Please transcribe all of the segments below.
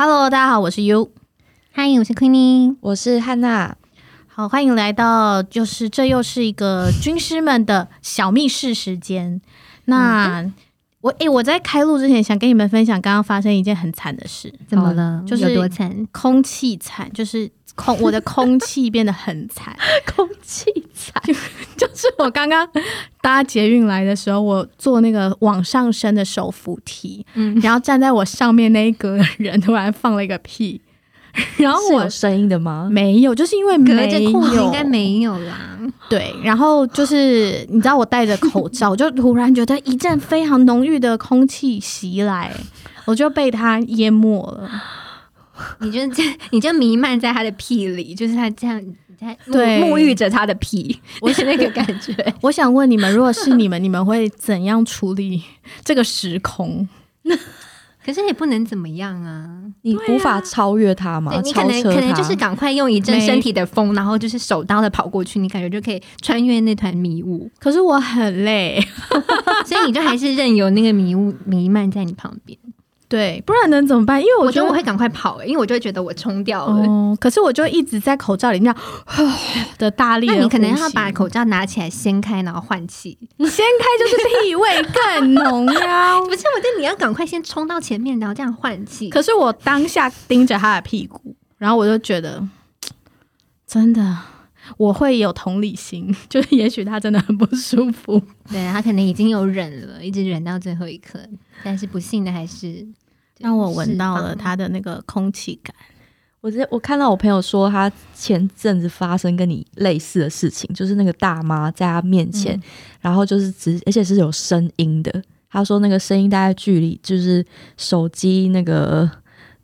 Hello，大家好，我是、y、U，嗨，Hi, 我是 Queenie，我是漢娜，好，歡迎來到，就是這又是一個軍師們的小密室時間。那、嗯、我誒、欸，我在開錄之前想跟你們分享，剛剛發生一件很慘的事，怎麼了？就是多慘，空氣慘，就是。空，我的空氣變得很慘， 空氣慘慘， 就是我剛剛搭捷運來的時候，我坐那個往上升的手扶梯，嗯，然後站在我上面那一個人突然放了一個屁，然後我，是有聲音的嗎？沒有，就是因為隔着褲襠，應該沒有啦。對，然後就是你知道，我戴着口罩， 我就突然覺得一陣非常濃郁的空氣襲來，我就被它淹沒了。你就在，你就彌漫在他的屁裡，就是他這樣，你在沐浴着他的屁，我是那個感覺。 我想問你們，如果是你們，你們會怎樣處理這個時空？ 可是也不能怎麼樣啊，你無法超越他嘛？啊、你可能超越他可能就是趕快用一陣身體的風，沒然後就是手刀的跑過去，你感覺就可以穿越那團迷霧。可是我很累， 所以你就還是任由那個迷霧彌漫在你旁邊。對，不然能怎麼辦？因為我覺得，我，覺得我會趕快跑，欸，因為我就會覺得我沖掉了。哦。可是我就一直在口罩裡那樣，呵呵的大力的。那你可能要把口罩拿起來掀開，然後換氣。你掀開就是屁味更濃呀！ 不是，我覺得你要趕快先沖到前面，然後這樣換氣。可是我當下盯着他的屁股，然後我就覺得真的。我會有同理心，就是也許他真的很不舒服，對，他可能已經有忍了，一直忍到最後一刻，但是不幸的還是讓我聞到了他的那個空氣感。我覺，我看到我朋友說，他前陣子發生跟你類似的事情，就是那個大媽在他面前，嗯、然後就是直，而且是有聲音的。他說那個聲音大概距離就是手機那個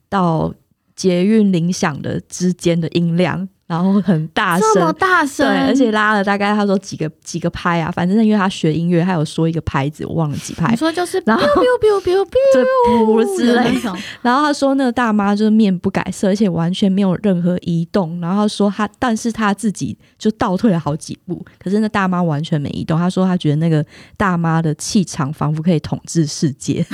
到捷運鈴響的之間的音量。然後很大聲，大聲對，而且拉了大概他說幾個幾個拍啊，反正因為他學音樂，他有說一個拍子，我忘了幾拍。你說就是然後 biu biu biu biu 之類的。然後他說那個大媽就是面不改色，而且完全沒有任何移動。然後他說他，但是他自己就倒退了好幾步，可是那大媽完全沒移動。他說他覺得那個大媽的氣場仿佛可以統治世界。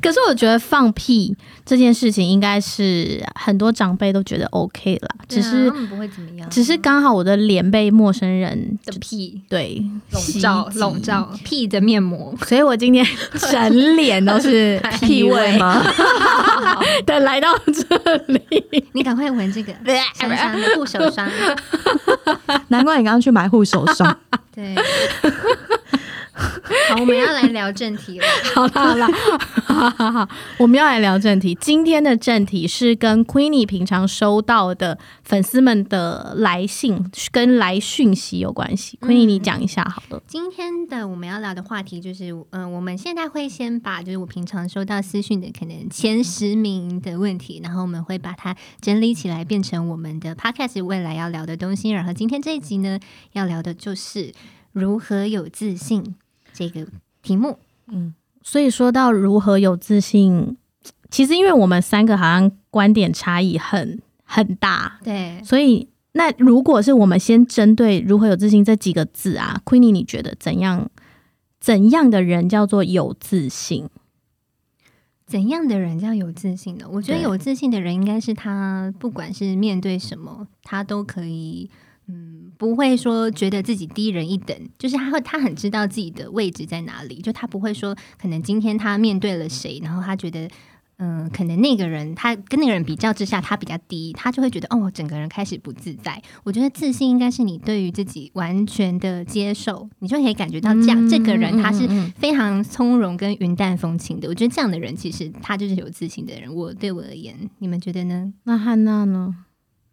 可是我覺得放屁這件事情應該是很多長輩都覺得 OK 了，啊、只是。不會怎麼樣，只是剛好我的臉被陌生人的屁對籠罩籠罩，屁的面膜，所以我今天整臉都是屁味嗎？的，來到這裡，你趕快聞這個香香的護手霜。難怪你剛剛去買護手霜。對。 好，我們要來聊正題了。 好了好了，好好，我們要來聊正題。今天的正題是跟 Queenie 平常收到的粉絲們的來信跟來訊息有關係。Queenie，你講一下好了、嗯。今天的我們要聊的話題就是，嗯、呃，我們現在會先把就是我平常收到私訊的可能前十名的問題，然後我們會把它整理起來，變成我們的 Podcast 未來要聊的東西。然後今天這一集呢，要聊的就是如何有自信。這個題目，嗯，所以說到如何有自信，其實因為我們三個好像觀點差異很很大，對，所以那如果是我們先針對如何有自信這幾個字啊，Queenie，你覺得怎樣怎樣的人叫做有自信？怎樣的人叫有自信呢？我覺得有自信的人應該是他，不管是面對什麼，他都可以。嗯，不會說覺得自己低人一等，就是他會他很知道自己的位置在哪裡，就他不會說可能今天他面對了誰，然後他覺得嗯、呃，可能那個人他跟那個人比較之下他比較低，他就會覺得哦，整個人開始不自在。我覺得自信應該是你對於自己完全的接受，你就可以感覺到這樣，嗯、這個人他是非常從容跟雲淡風輕的。嗯嗯嗯、我覺得這樣的人其實他就是有自信的人。我對我而言，你們覺得呢？那漢娜呢？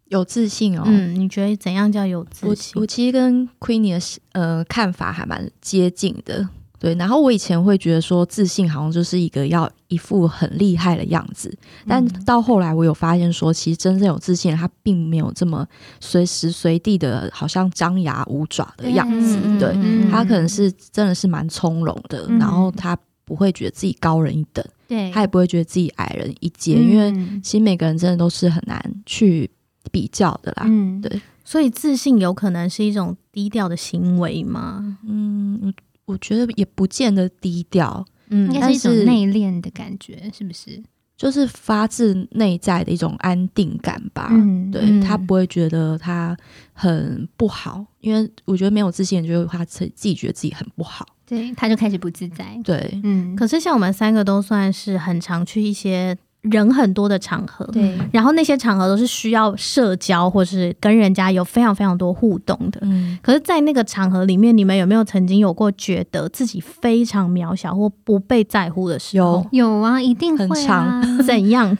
有自信哦，嗯，你覺得怎樣叫有自信？我，我其實跟 Queenie 的呃看法還蠻接近的，對。然後我以前會覺得說自信好像就是一個要一副很厲害的樣子，但到後來我有發現說，其實真正有自信，他並沒有這麼隨時隨地的，好像張牙舞爪的樣子。嗯，對，他可能是真的是蠻從容的，嗯，然後他不會覺得自己高人一等，對他也不會覺得自己矮人一截，因為其實每個人真的都是很難去。比較的啦，嗯，對，所以自信有可能是一種低調的行為嗎？嗯，我我覺得也不見得低調，嗯，是應該是一種內斂的感覺，是不是？就是發自內在的一種安定感吧，嗯，對。嗯，他不會覺得他很不好，因為我覺得沒有自信，就會他自自己覺得自己很不好，對，他就開始不自在，對，嗯，可是像我們三個都算是很常去一些。人很多的場合，對，然後那些場合都是需要社交，或是跟人家有非常非常多互動的。嗯，可是，在那個場合裡面，你們有沒有曾經有過覺得自己非常渺小或不被在乎的時候？有有啊，一定會啊。怎樣很長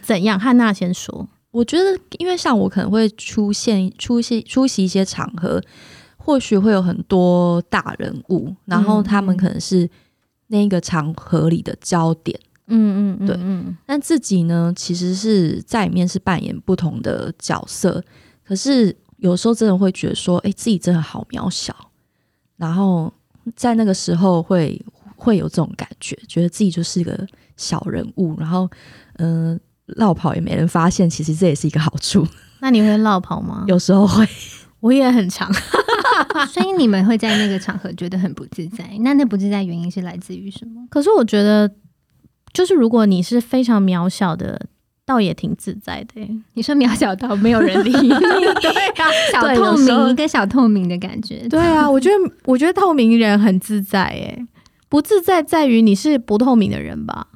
怎樣？漢娜先說。我覺得，因為像我可能會出現出席出席一些場合，或許會有很多大人物，然後他們可能是那個場合裡的焦點。嗯嗯嗯，嗯，嗯對，嗯，但自己呢，其實是在裡面，是扮演不同的角色，可是有時候真的會覺得說，哎、欸，自己真的好渺小，然後在那個時候會會有這種感覺，覺得自己就是一個小人物，然後嗯、呃，落跑也沒人發現，其實這也是一個好處。那你會落跑嗎？有時候會， 我也很常， 所以你們會在那個場合覺得很不自在。那那不自在原因是來自於什麼？可是我覺得。就是如果你是非常渺小的，倒也挺自在的。你說渺小到沒有人理，對呀，小透明一個小透明的感覺。對啊，我覺得我覺得透明人很自在誒，不自在在於你是不透明的人吧？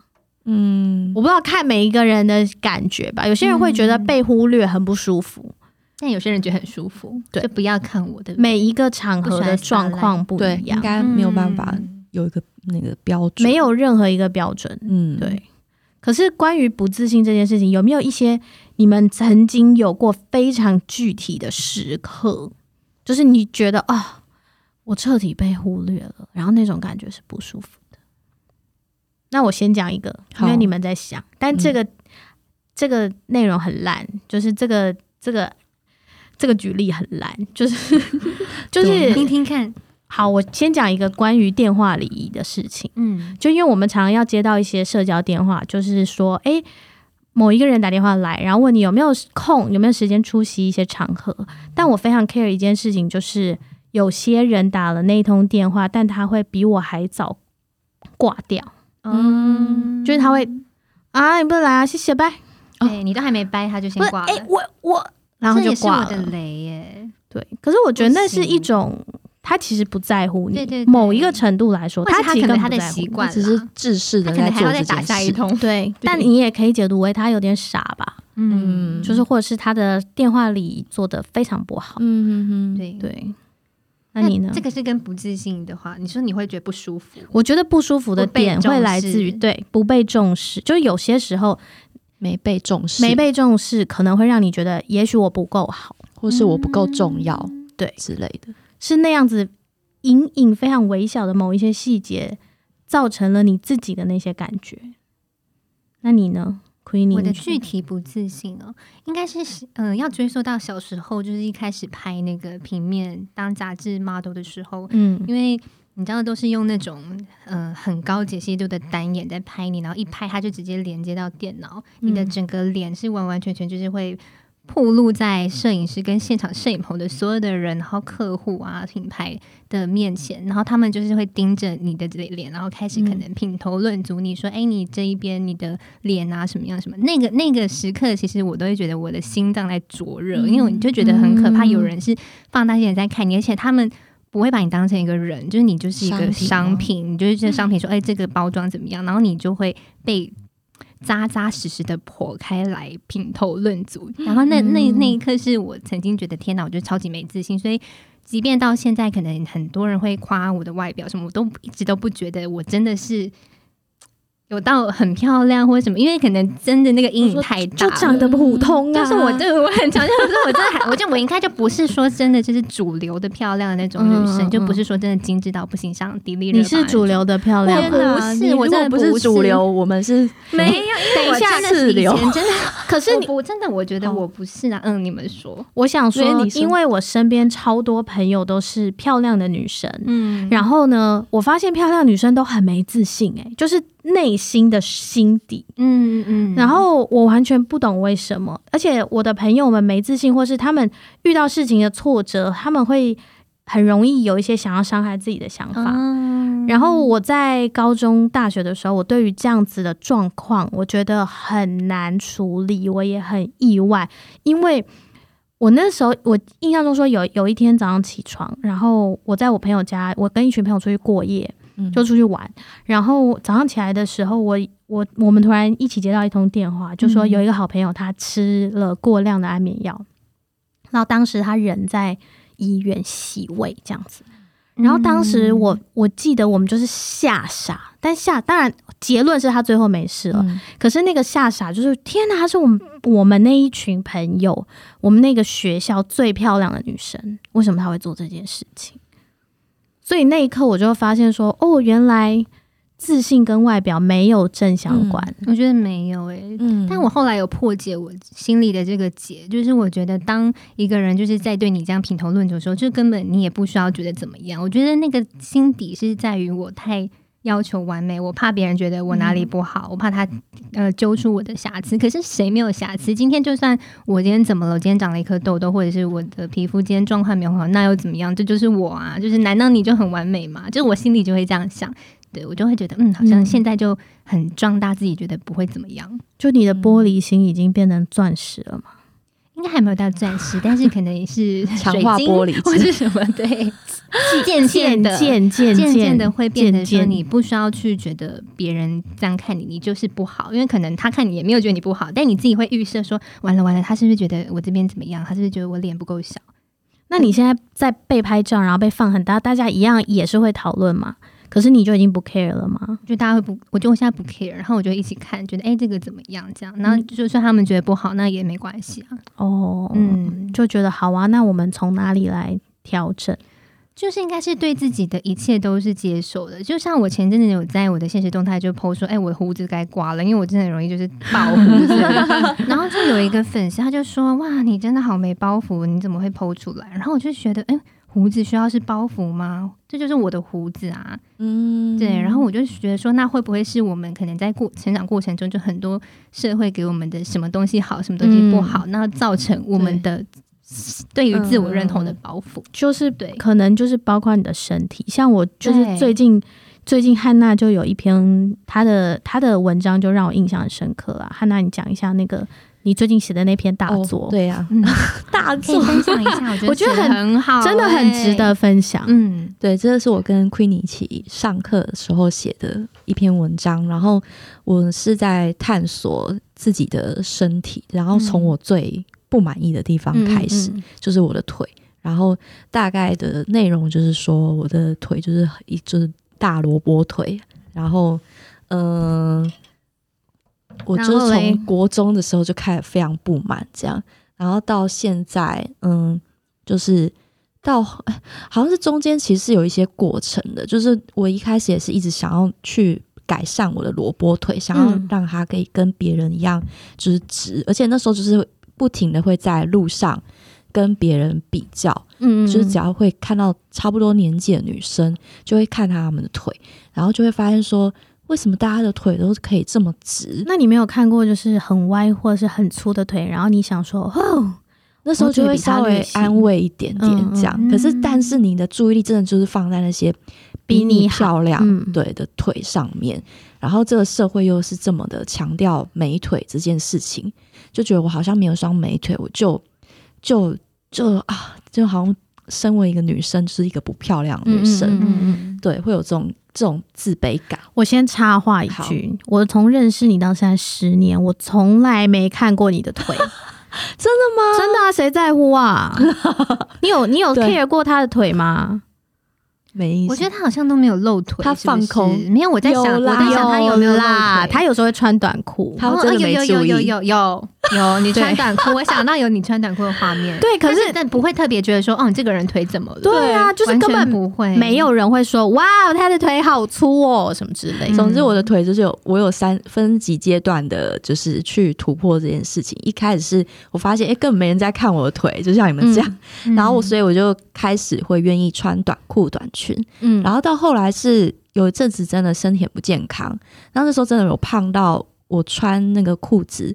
嗯，我不知道看每一個人的感覺吧。有些人會覺得被忽略很不舒服，但有些人覺得很舒服。對，不要看我的每一個場合的狀況不一樣，應該沒有辦法。有一個那個標準，沒有任何一個標準。嗯，對。可是關於不自信這件事情，有沒有一些你們曾經有過非常具體的時刻？就是你覺得啊、哦，我徹底被忽略了，然後那種感覺是不舒服的。嗯、那我先講一個，因為你們在想，哦、但這個、嗯、這個內容很爛，就是這個這個這個舉例很爛，就是 就是聽聽看。好，我先講一個關於電話禮儀的事情。嗯，就因為我們常常要接到一些社交電話，就是說，哎、欸，某一個人打電話來，然後問你有沒有空，有沒有時間出席一些場合。嗯、但我非常 care 一件事情，就是有些人打了那一通電話，但他會比我還早掛掉。嗯，就是他會啊，你不能來啊，謝謝拜，欸。你都還沒掰，他就先掛了。哎、欸，我我，然後就掛了。雷耶，對。可是我覺得那是一種。他其實不在乎你，某一個程度來說，對他其實更在乎習慣，只是自視的在打下一通。對，對，但你也可以解讀為他有點傻吧？嗯，就是或者是他的電話裡做得非常不好。嗯嗯，對對。那你呢？這個是跟不自信的話，你說你會覺得不舒服？我覺得不舒服的點會來自於對不被重視，就有些時候沒被重視，沒被重視可能會讓你覺得，也許我不夠好，嗯、或是我不夠重要，嗯、對之類的。是那樣子，隱隱非常微小的某一些細節，造成了你自己的那些感覺。那你呢？Queenie。我的具體不自信哦，應該是嗯、呃，要追溯到小時候，就是一開始拍那個平面當雜誌 model 的時候，嗯，因為你知道都是用那種嗯、呃、很高解析度的單眼在拍你，然後一拍它就直接連接到電腦，嗯、你的整個臉是完完全全就是會。暴露在攝影師跟現場攝影棚的所有的人，然後客戶啊、品牌的面前，然後他們就是會盯着你的這個臉，然後開始可能品頭論足，你說，哎、嗯，欸、你這一邊你的臉啊，什麼樣什麼？那個那個時刻，其實我都會覺得我的心臟在灼熱，嗯、因為你就覺得很可怕，有人是放大鏡在看你，而且他們不會把你當成一個人，就是你就是一個商品，商品你就是這個商品，說，哎、欸，這個包裝怎麼樣？然後你就會被。扎扎實實的剖開來評頭論足，然後那那那一刻是我曾經覺得天哪，我就超級沒自信。所以，即便到現在，可能很多人會誇我的外表什麼，我都一直都不覺得，我真的是。有到很漂亮或者什麼，因為可能真的那個陰影太大，就長得普通啊。就是我對我很強調，不是我真的，我就我應該就不是說真的就是主流的漂亮的那種女生，就不是說真的精緻到不行像迪麗熱巴，你是主流的漂亮嗎？不是。真的不是主流，我們是沒有。等一下，四流真的。可是我真的，我覺得我不是啊。嗯，你們說，我想說，因為我身邊超多朋友都是漂亮的女生，嗯，然後呢，我發現漂亮女生都很沒自信，哎，就是。內心的心底，嗯嗯嗯。嗯，然後我完全不懂為什麼，而且我的朋友們沒自信，或是他們遇到事情的挫折，他們會很容易有一些想要傷害自己的想法。嗯。然後我在高中、大學的時候，我對於這樣子的狀況，我覺得很難處理，我也很意外，因為我那時候我印象中說有有一天早上起床，然後我在我朋友家，我跟一群朋友出去過夜。就出去玩，然後早上起來的時候，我我我們突然一起接到一通電話，就說有一個好朋友他吃了過量的安眠藥，嗯、然後當時他人在醫院洗胃這樣子，然後當時我我記得我們就是嚇傻，但嚇當然結論是他最後沒事了，嗯、可是那個嚇傻就是天哪，他是我們我們那一群朋友，我們那個學校最漂亮的女生，為什麼他會做這件事情？所以那一刻我就發現說，哦，原來自信跟外表沒有正相關。嗯，我覺得沒有誒，欸，嗯，但我後來有破解我心裡的這個結，就是我覺得當一個人就是在對你這樣評頭論足的時候，就根本你也不需要覺得怎麼樣。我覺得那個心底是在於我太。要求完美，我怕別人覺得我哪裡不好，嗯、我怕他呃揪出我的瑕疵。可是誰沒有瑕疵？今天就算我今天怎麼了，我今天長了一顆痘痘，或者是我的皮膚今天狀況沒有好，那又怎麼樣？這就是我啊！就是難道你就很完美嗎？就我心裡就會這樣想，對，我就會覺得嗯，好像現在就很壯大、嗯、自己，覺得不會怎麼樣。就你的玻璃心已經變成鑽石了嗎？嗯應該還沒有到鑽石，但是可能也是強化玻璃或是什麼？對，漸漸的、漸漸、漸漸的會變得說，你不需要去覺得別人這樣看你，你就是不好，因為可能他看你也沒有覺得你不好，但你自己會預設說，完了完了，他是不是覺得我這邊怎麼樣？他是不是覺得我臉不夠小？ 那你現在在被拍照，然後被放很大，大家一樣也是會討論嗎？可是你就已經不 care 了嗎？就大家會不？我就我現在不 care，然後我就一起看，覺得哎，這個怎麼樣？這樣，然後就算他們覺得不好，那也沒關係啊。哦，嗯，就覺得好啊。那我們從哪裡來調整？就是應該是對自己的一切都是接受的。就像我前陣子有在我的現實動態就 PO 說，哎，我的鬍子該刮了，因為我真的很容易就是爆胡子 然後就有一個粉絲，他就說，哇，你真的好沒包袱，你怎麼會 PO 出來？然後我就覺得，哎。鬍子需要是包袱嗎？這就是我的鬍子啊，嗯，對。然後我就覺得說，那會不會是我們可能在過成長過程中，就很多社會給我們的什麼東西好，什麼東西不好，那、嗯、造成我們的對於自我認同的包袱，對對就是對，可能就是包括你的身體。像我就是最近對最近漢娜就有一篇她的她的文章，就讓我印象很深刻了、啊。漢娜，你講一下那個。你最近寫的那篇大作，oh, 對啊，對呀，大作分享一下，我覺得很好，真的很值得分享欸。嗯，對，這是我跟 Queenie 一起上課的時候寫的一篇文章。然後我是在探索自己的身體，然後從我最不滿意的地方開始，嗯，就是我的腿。然後大概的內容就是說，我的腿就是一，就是大蘿蔔腿。然後，嗯、呃。我就是從國中的時候就開始非常不滿這樣，然後，然後到現在，嗯，就是到好像是中間其實是有一些過程的，就是我一開始也是一直想要去改善我的蘿蔔腿，想要讓它可以跟別人一樣，嗯，就是直，而且那時候就是不停的會在路上跟別人比較，嗯，就是只要會看到差不多年紀的女生，就會看她們的腿，然後就會發現說。為什麼大家的腿都是可以這麼直？那你沒有看過就是很歪或者是很粗的腿，然後你想說，哦，那時候就會稍微安慰一點點這樣。嗯嗯可是，但是你的注意力真的就是放在那些比你漂亮對的腿上面，嗯、然後這個社會又是這麼的強調美腿這件事情，就覺得我好像沒有雙美腿，我就就就啊，就好像身為一個女生、就是一個不漂亮的女生。嗯，嗯，嗯，嗯對，會有這種這種自卑感。我先插話一句，好我從認識你到現在十年，我從來沒看過你的腿， 真的嗎？真的啊，誰在乎啊？ 你有你有 care 過他的腿嗎？ 沒意思，我覺得他好像都沒有露腿，他放空，沒有。我在想，我在想他有沒有露腿，他有時候會穿短褲，他而且有有有有有有，你穿短褲，我想到有你穿短褲的畫面。對，可是但不會特別覺得說，哦，你這個人腿怎麼了？對啊，就是根本不會，沒有人會說，哇，他的腿好粗哦，什麼之類的。總之，我的腿就是有，我有三分級階段的，就是去突破這件事情。一開始是我發現，哎，根本沒人在看我的腿，就像你們這樣。然後我所以我就開始會願意穿短褲短裙。嗯，然後到後來是有一陣子真的身體很不健康，然後那時候真的有胖到我穿那個褲子，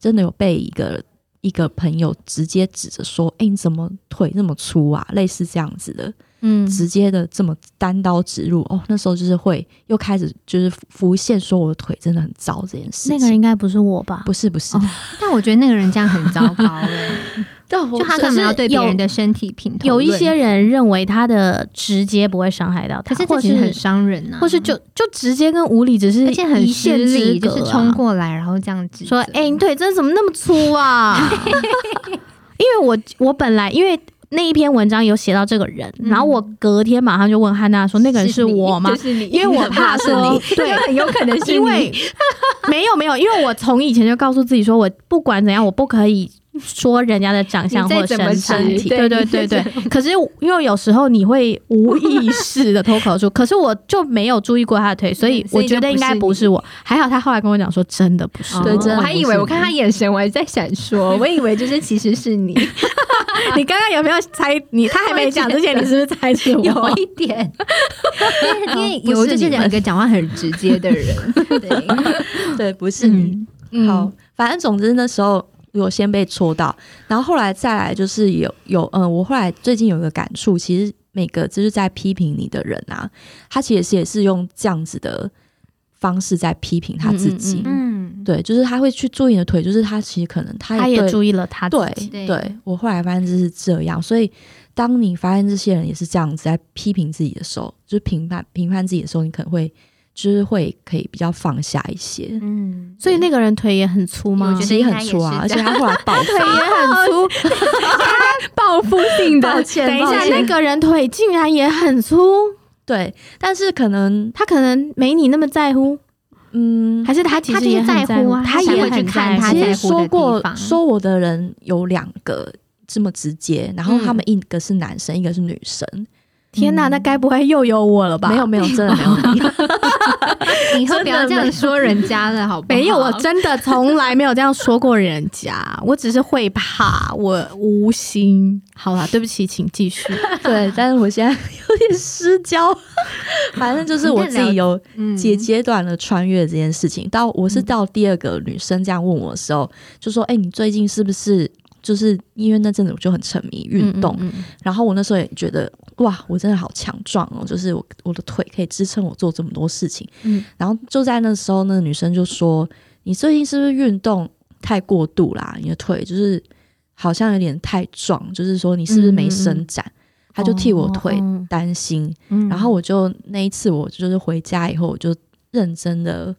真的有被一個一個朋友直接指着說：“哎、欸，你怎麼腿那麼粗啊？”類似這樣子的，嗯，直接的這麼單刀直入。哦，那時候就是會又開始就是浮現說我的腿真的很糟這件事。那個人應該不是我吧？不是不是的，哦，但我覺得那個人這樣很糟糕、欸 就他可能要對別人的身體評判。有一些人認為他的直接不會傷害到他，可是其實很傷人啊。或是就就直接跟無理，只是而且很失禮，就是衝過來，然後這樣子說：“哎，你腿真怎麼那麼粗啊？”因為我我本來因為那一篇文章有寫到這個人，然後我隔天馬上就問漢娜說：“那個人是我嗎？”“是你。”因為我怕說，對，很有可能是你。因為沒有沒有，因為我從以前就告訴自己說，我不管怎樣，我不可以。說人家的長相或者身材，對,對對對對。可是因為有時候你會無意識的脫口出，可是我就沒有注意過他的腿，所以我覺得應該不是我。還好他後來跟我講說真、哦，真的不是，我還以為我看他眼神，我還在閃爍，我以為就是其實是你。 你剛剛有沒有猜？你他還沒講之前，你是不是猜是我？ 有一點，因為因為有就是兩個講話很直接的人，對， 對不是你。嗯嗯、好，反正總之那時候。有先被戳到，然後後來再來就是有有嗯，我後來最近有一個感觸，其實每個就是在批評你的人啊，他其實也是用這樣子的方式在批評他自己。嗯，嗯，嗯，對，就是他會去注意你的腿，就是他其實可能他也，他也注意了他自己。對，對，我後來發現就是這樣，所以當你發現這些人也是這樣子在批評自己的時候，就評判評判自己的時候，你可能會。就是會可以比較放下一些，嗯，所以那個人腿也很粗嗎？我覺得也，也很粗啊，而且他後來暴 腿也很粗，報復性的。抱歉，抱歉 等一下，那個人腿竟然也很粗，對，但是可能他可能沒你那麼在乎，嗯，還是他他在乎，他也會去看。他其實說過說我的人有兩個這麼直接，然後他們一個是男生，嗯、一個是女生。天吶，嗯、那該不會又有我了吧？沒有沒有，真的沒有。 以後不要這樣說人家了，好不好？沒有，我真的從來沒有這樣說過人家。 我只是會怕，我無心。好啦，對不起，請繼續。 對，但是我現在有點失焦。 反正就是我自己有幾階段的穿越這件事情。嗯、到我是到第二個女生這樣問我的時候，嗯、就說：“哎、欸，你最近是不是？”就是因為那陣子我就很沉迷運動，嗯嗯嗯，然後我那時候也覺得哇，我真的好強壯哦，就是我我的腿可以支撐我做這麼多事情。嗯，然後就在那時候，那個女生就說：“你最近是不是運動太過度啦？你的腿就是好像有點太壯，就是說你是不是沒伸展？”嗯嗯，她就替我腿擔心。嗯嗯，然後我就那一次，我就是回家以後，我就認真的。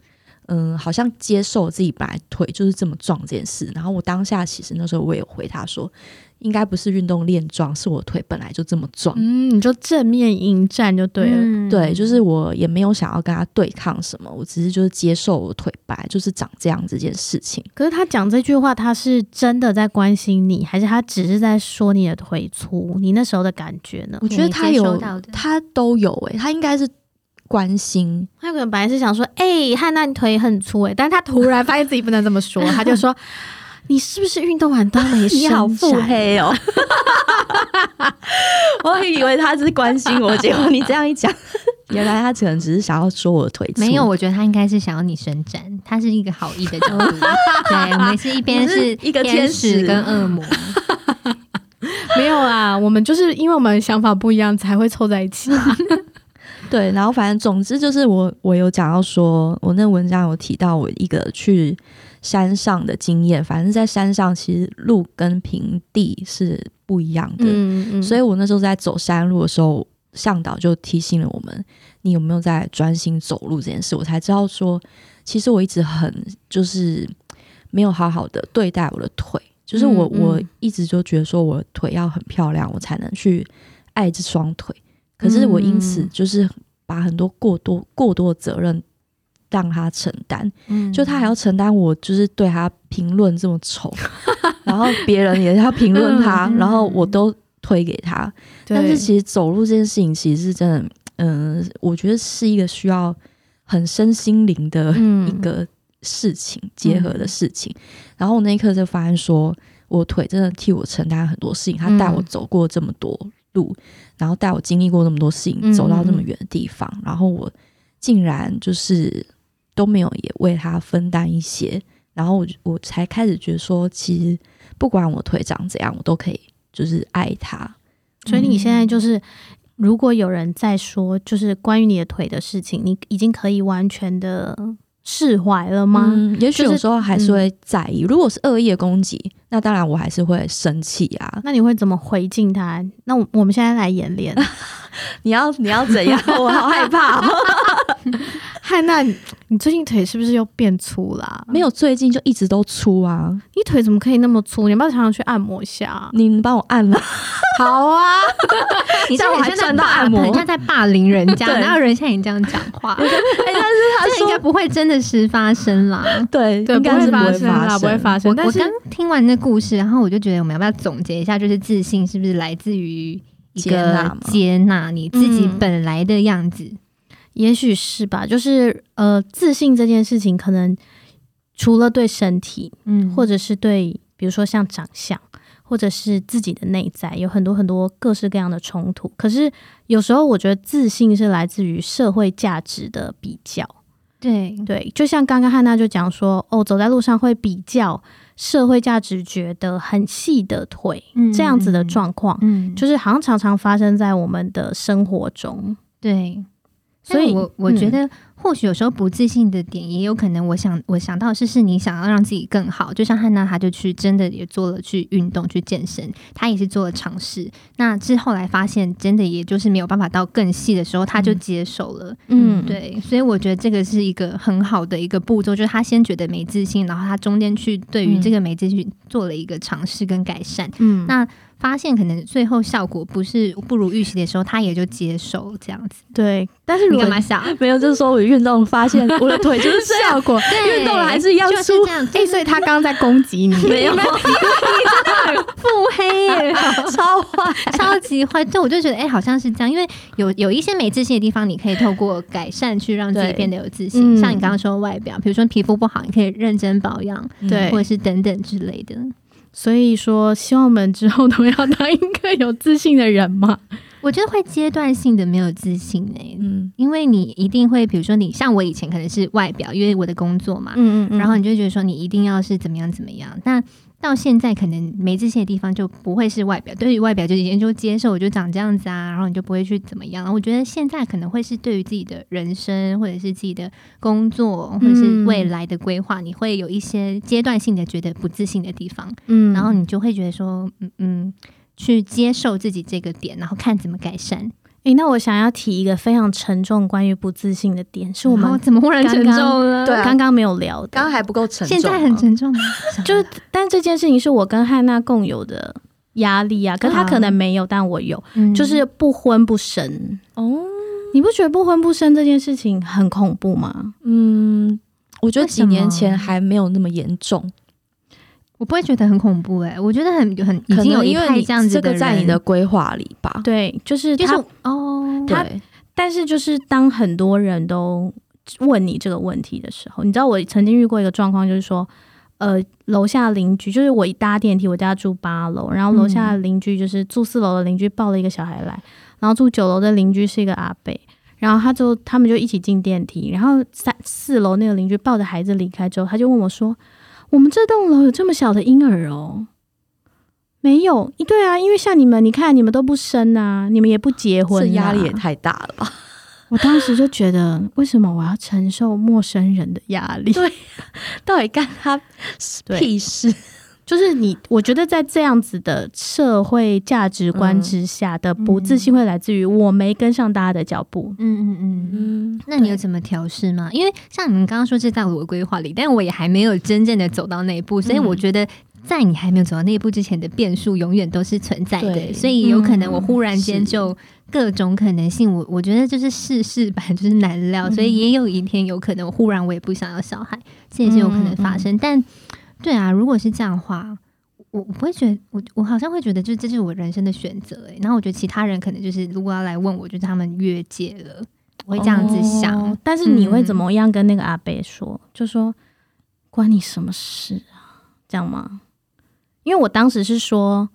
嗯，好像接受自己白腿就是這麼壯這件事。然後我當下其實那時候我也有回他說，應該不是運動練壯，是我腿本來就這麼壯。嗯，你就正面迎戰就對了。嗯、對，就是我也沒有想要跟他對抗什麼，我只是就是接受我腿白就是長這樣這件事情。可是他講這句話，他是真的在關心你，還是他只是在說你的腿粗，你那時候的感覺呢？我覺得他有，他都有哎、欸，他應該是。關心，他有個人本來是想說：“哎、欸，漢娜，你腿很粗哎、欸。”但他突然發現自己不能這麼說， 他就說：“你是不是運動完都沒伸展？’你好腹黑哦！ 我以為他是關心我，結果你這樣一講，原來他可能只是想要說我的腿粗。沒有，我覺得他應該是想要你伸展，他是一個好意的角度。就是、 對，我們是一邊是，是一個天使跟惡魔。 沒有啊，我們就是因為我們的想法不一樣才會湊在一起。 對，然後反正總之就是我我有講到說，我那文章有提到我一個去山上的經驗。反正在山上其實路跟平地是不一樣的，嗯嗯。所以我那時候在走山路的時候，向導就提醒了我們，你有沒有在專心走路這件事？我才知道說，其實我一直很就是沒有好好的對待我的腿，嗯嗯。就是我我一直就覺得說我腿要很漂亮，我才能去愛這雙腿。可是我因此就是把很多過多、嗯、過多的責任讓他承擔，嗯、就他還要承擔我就是對他評論這麼醜， 然後別人也要評論他，嗯、然後我都推給他。對但是其實走路這件事情，其實是真的，嗯、呃，我覺得是一個需要很身心靈的一個事情、嗯、結合的事情。然後我那一刻就發現說，說我腿真的替我承擔很多事情，他帶我走過這麼多。路，然後帶我經歷過那麼多事情，走到這麼遠的地方，嗯。然後我竟然就是都沒有也為他分擔一些，然後我我才開始覺得說，其實不管我腿長怎樣，我都可以就是愛他。所以你現在就是，嗯。如果有人在說就是關於你的腿的事情，你已經可以完全的。釋懷了嗎？嗯，就是、也許有時候還是會在意。就是嗯、如果是惡意攻擊，那當然我還是會生氣啊。那你會怎麼回敬他？那我們現在來演練。 你要你要怎樣？ 我好害怕、喔。 漢娜，你最近腿是不是又變粗啦？沒有，最近就一直都粗啊！你腿怎麼可以那麼粗？你要不要常常去按摩一下？你能幫我按嗎？好啊！你現在在按摩，人家在霸凌人家，哪有人像你這樣講話？哎，但是這應該不會真的是發生啦。對，不會發生啦，不會發生。我我剛聽完那故事，然後我就覺得我們要不要總結一下，就是自信是不是來自於一個接納你自己本來的樣子？也許是吧，就是呃，自信這件事情，可能除了對身體，嗯，或者是對，比如說像長相，或者是自己的內在，有很多很多各式各樣的衝突。可是有時候，我覺得自信是來自於社會價值的比較。對對，就像剛剛漢娜就講說，哦，走在路上會比較社會價值，覺得很細的腿，嗯，這樣子的狀況，嗯，就是好像常常發生在我們的生活中，對。所以，嗯、我我覺得或許有時候不自信的點，也有可能我，我想我想到是，是你想要讓自己更好。就像漢娜，她就去真的也做了去運動、去健身，她也是做了嘗試。那之後來發現，真的也就是沒有辦法到更細的時候，她就接受了。嗯，對。所以我覺得這個是一個很好的一個步驟，就是他先覺得沒自信，然後他中間去對於這個沒自信做了一個嘗試跟改善。嗯，那。發現可能最後效果不是不如預期的時候，他也就接受這樣子。對，但是你幹嘛想？沒有，就是說我運動發現我的腿就是 效果，運對動了還是一樣粗。哎、欸是欸，所以他剛剛在攻擊你，沒有？沒有，你真的很腹黑耶， 超壞壞，超級壞。對，我就覺得哎、欸，好像是這樣，因為有有一些沒自信的地方，你可以透過改善去讓自己變得有自信。嗯、像你剛剛說的外表，比如說皮膚不好，你可以認真保養，對、嗯，或者是等等之類的。所以說，希望我們之後都要當一個有自信的人嘛？我覺得會階段性的沒有自信誒、欸，嗯，因為你一定會，比如說你像我以前可能是外表，因為我的工作嘛，嗯，嗯，嗯，然後你就覺得說你一定要是怎麼樣怎麼樣，但。到現在可能沒自信的地方就不會是外表，對於外表就已經就接受，我就長這樣子啊，然後你就不會去怎麼樣。我覺得現在可能會是對於自己的人生，或者是自己的工作，或者是未來的規劃，嗯、你會有一些階段性的覺得不自信的地方，嗯，然後你就會覺得說，嗯嗯，去接受自己這個點，然後看怎麼改善。誒，那我想要提一個非常沉重關於不自信的點，是我們怎麼忽然沉重了？剛剛，對啊、剛剛沒有聊的，剛剛還不夠沉重，啊，現在很沉重，啊。 就是，但這件事情是我跟漢娜共有的壓力啊。可是他可能沒有，但我有，嗯、就是不婚不生。哦，你不覺得不婚不生這件事情很恐怖嗎？嗯，我覺得幾年前還沒有那麼嚴重。我不會覺得很恐怖哎，欸，我覺得很很已經有一因為這個在你的規劃裡吧？對，就是他就是哦，他，對但是就是當很多人都問你這個問題的時候，你知道我曾經遇過一個狀況，就是說，呃，樓下鄰居，就是我一搭電梯，我家住八樓，然後樓下鄰居就是住四樓的鄰居抱了一個小孩來，然後住九樓的鄰居是一個阿伯，然後他就他們就一起進電梯，然後三四樓那個鄰居抱着孩子離開之後，他就問我說。我們這棟樓有這麼小的嬰兒哦？沒有、欸，對啊，因為像你們，你看你們都不生啊，你們也不結婚、啊，壓力也太大了吧。我當時就覺得， 為什麼我要承受陌生人的壓力？對，到底干他屁事？對 就是你，我覺得在這樣子的社會價值觀之下的不自信，會來自於我沒跟上大家的腳步。嗯嗯嗯嗯。嗯嗯嗯對那你有怎麼調試嗎？因為像你們剛剛說是在我的規劃裡，但我也還沒有真正的走到那一步，所以我覺得在你還沒有走到那一步之前的變數永遠都是存在的，對所以有可能我忽然間就各種可能性，我是我覺得就是世事吧，就是難料，所以也有一天有可能忽然我也不想要小孩，這也有可能發生，嗯、但。對啊，如果是這樣的話，我不會覺得，我我好像會覺得，就是這是我人生的選擇哎、欸。然後我覺得其他人可能就是，如果要來問我，就是、他們越界了，我會這樣子想。哦、但是你會怎麼樣跟那個阿北說？嗯、就說關你什麼事啊？這樣嗎？因為我當時是說，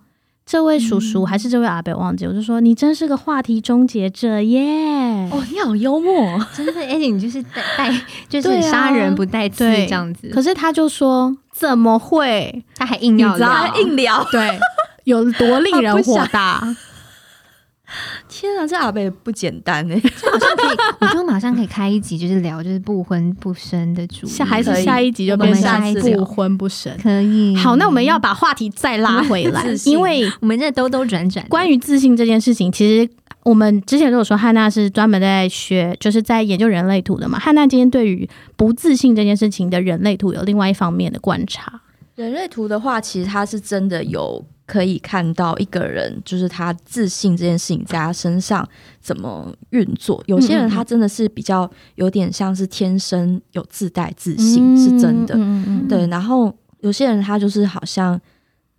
這位叔叔還是這位阿北忘記，嗯、我就說你真是個話題終結者耶！Yeah、哦，你好幽默，真的，而、欸、且你就是帶帶，就是殺人不帶刺這樣子、啊。可是他就說。怎麼會？他還硬,要、啊、還硬聊，他還硬聊，對， 有多令人火大！啊天啊，這阿北不簡單呢、欸。就 我說馬上可以開一集，就是聊，就是不婚不生的主，下還是下一集就變下一不婚不生？可以。好，那我們要把話題再拉回來，因為我們在兜兜轉轉。關於自信這件事情，其實。我們之前都有說漢娜是專門在學，就是在研究人類圖的嘛。漢娜今天對於不自信這件事情的人類圖有另外一方面的觀察。人類圖的話，其實他是真的有可以看到一個人，就是他自信這件事情在他身上怎麼運作。有些人他真的是比較有點像是天生有自帶自信，是真的。嗯嗯嗯嗯、對，然後有些人他就是好像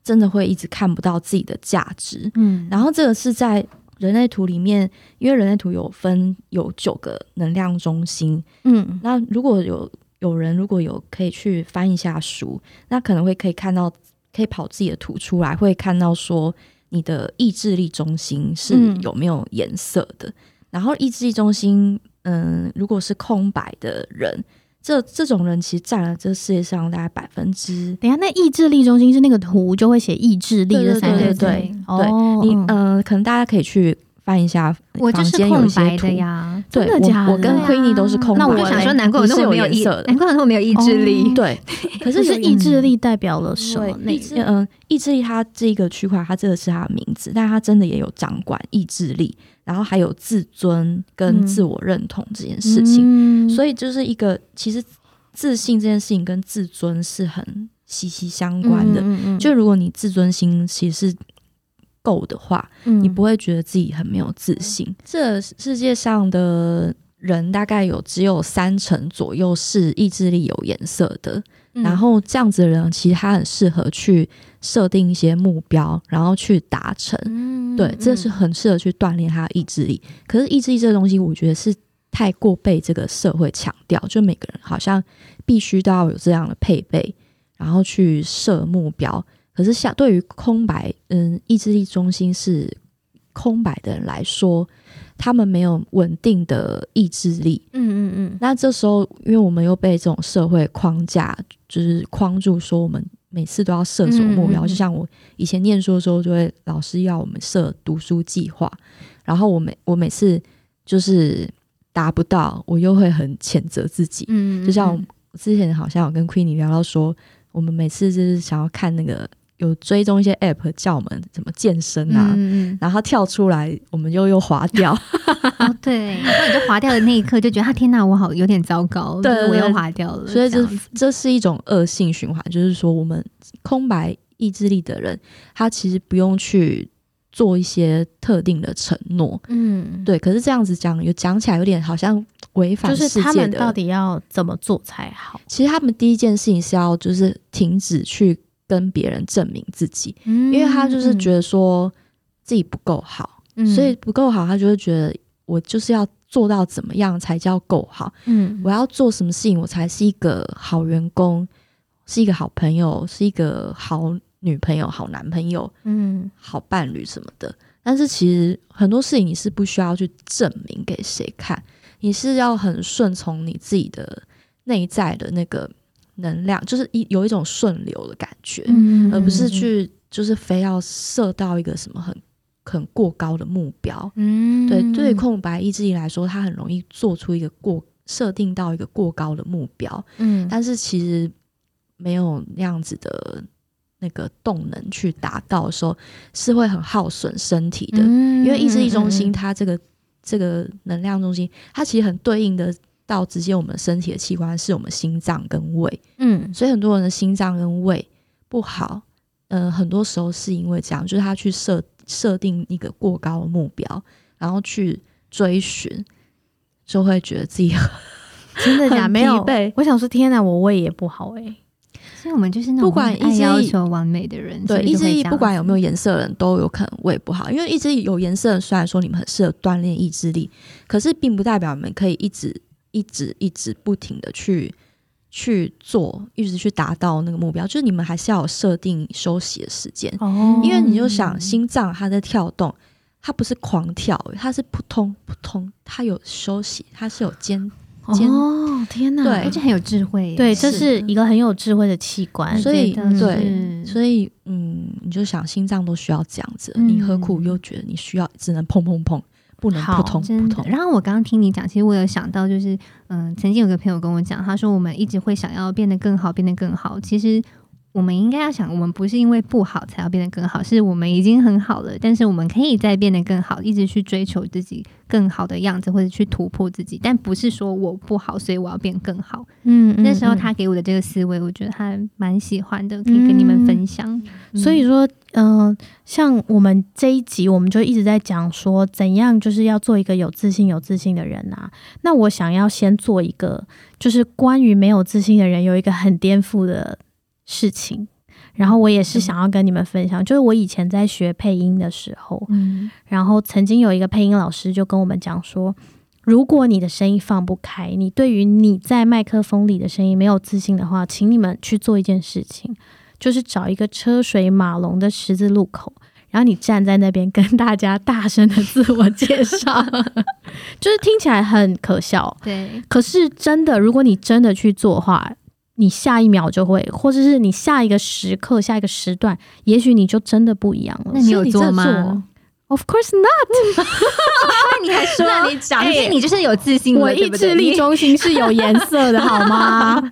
真的會一直看不到自己的價值。嗯，然後這個是在。人類圖裡面，因為人類圖有分有九個能量中心，嗯，那如果有有人如果有可以去翻一下書，那可能會可以看到，可以跑自己的圖出來，會看到說你的意志力中心是有沒有顏色的，嗯，然後意志力中心，嗯，如果是空白的人。這這種人其實占了這世界上大概百分之……等一下，那意志力中心是那個圖就會寫意志力這三個字對對，對對對，哦、對你嗯、呃，可能大家可以去。翻一下，我就是空白的呀。真的假的？我跟奎尼都是空白。那我就想說，難怪我那麼沒有色，難怪我那麼沒，沒有意志力。對，可是意志力代表了什麼？意志，嗯，那個、意志力它這個區塊，它這個是它的名字，但它真的也有掌管意志力，然後還有自尊跟自我認同這件事情。嗯嗯、所以就是一個，其實自信這件事情跟自尊是很息息相關的。嗯嗯嗯，就如果你自尊心其實夠的話，你不會覺得自己很沒有自信。嗯、這世界上的人大概有只有三成左右是意志力有顏色的，嗯、然後這樣子的人其實他很適合去設定一些目標，然後去達成。嗯、對，這是很適合去鍛鍊他的意志力。嗯、可是意志力這個東西，我覺得是太過被這個社會強調，就每個人好像必須都要有這樣的配備，然後去設目標。可是像，對於空白，嗯，意志力中心是空白的人來說，他們沒有穩定的意志力。嗯嗯嗯。那這時候，因為我們又被這種社會框架就是框住，說我們每次都要設什麼目標，嗯嗯嗯。就像我以前念書的時候，就會老師要我們設讀書計劃，然後我每我每次就是達不到，我又會很譴責自己。嗯。就像我，嗯嗯，之前好像有跟 Queenie 聊到說，我們每次就是想要看那個。有追蹤一些 App 叫我們怎麼健身啊，嗯嗯嗯，然後跳出來，我們就又滑掉。對，然後你就滑掉的那一刻，就覺得、 啊、天哪，我好有點糟糕，對我又滑掉了。所以這這，這是一種惡性循環，就是說我們空白意志力的人，他其實不用去做一些特定的承諾。嗯，對。可是這樣子講，有講起來有點好像違反。就是他們到底要怎麼做才好？其實他們第一件事情是要就是停止去。跟別人證明自己，因為他就是覺得說自己不夠好，嗯，所以不夠好，他就會覺得我就是要做到怎麼樣才叫夠好？嗯，我要做什麼事情，我才是一個好員工，是一個好朋友，是一個好女朋友、好男朋友，好伴侶什麼的。但是其實很多事情你是不需要去證明給誰看，你是要很順從你自己的內在的那個。能量就是一有一種順流的感覺，嗯、而不是去就是非要設到一個什麼很很過高的目標。嗯，對，對，空白意志力來說，它很容易做出一個過設定到一個過高的目標。嗯，但是其實沒有那樣子的那個動能去達到的時候，是會很耗損身體的。嗯、因為意志力中心，它這個這個能量中心，它其實很對應的。到直接我們身體的器官是我們心臟跟胃，嗯，所以很多人的心臟跟胃不好，嗯、呃，很多時候是因為這樣，就是他去設設定一個過高的目標，然後去追尋，就會覺得自己很真的假的？很疲憊。我想說，天哪，我胃也不好哎、欸。所以，我們就是不管愛要求完美的人是不是，對意志力不管有沒有顏色的人都有可能胃不好，因為意志力有顏色，雖然說你們很適合鍛鍊意志力，可是並不代表你們可以一直。一直一直不停的去去做，一直去達到那個目標，就是你們還是要有設定休息的時間，哦、因為你就想心臟它在跳動，它不是狂跳，它是撲通撲通，它有休息，它是有間哦，天哪！對，而且很有智慧，對，是的，這是一個很有智慧的器官，所以、嗯、對，所以嗯，你就想心臟都需要這樣子，嗯、你何苦又覺得你需要只能砰砰砰，不能撲通，好，真的，然後我剛剛聽你講，其實我有想到，就是嗯、呃，曾經有個朋友跟我講，他說我們一直會想要變得更好，變得更好。其實我們應該要想，我們不是因為不好才要變得更好，是我們已經很好了，但是我們可以再變得更好，一直去追求自己更好的樣子，或者去突破自己。但不是說我不好，所以我要變更好。嗯，嗯，嗯。那時候他給我的這個思維，我覺得還蠻喜歡的，可以跟你們分享。嗯，所以說。嗯嗯，呃，像我們這一集，我們就一直在講說，怎樣就是要做一個有自信、有自信的人啊。那我想要先做一個，就是關於沒有自信的人有一個很顛覆的事情。然後我也是想要跟你們分享，嗯，就是我以前在學配音的時候，嗯，然後曾經有一個配音老師就跟我們講說，如果你的聲音放不開，你對於你在麥克風裡的聲音沒有自信的話，請你們去做一件事情。就是找一個車水馬龍的十字路口，然後你站在那邊跟大家大聲的自我介紹， 就是聽起來很可笑。對，可是真的，如果你真的去做的話，你下一秒就會，或者是你下一個時刻、下一個時段，也許你就真的不一樣了。那你有做嗎？Of course not，你還是那你講，你就是有自信。我意志力中心是有顏色的，好嗎？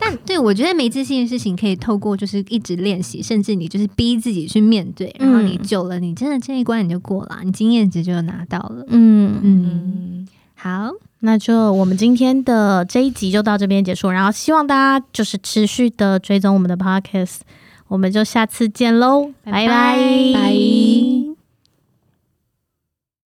但對我覺得沒自信的事情，可以透過就是一直練習，甚至你就是逼自己去面對，然後你久了，你真的這一關你就過了，你經驗值就拿到了。嗯嗯，好，那就我們今天的這一集就到這邊結束，然後希望大家就是持續的追蹤我們的 podcast，我們就下次見嘍，拜拜。